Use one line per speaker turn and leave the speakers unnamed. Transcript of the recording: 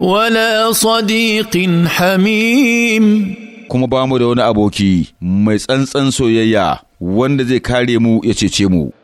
ولا صديق Hamim? kuma ba mu da wani aboki mai tsantsan soyayya wanda zai kare mu ya cece mu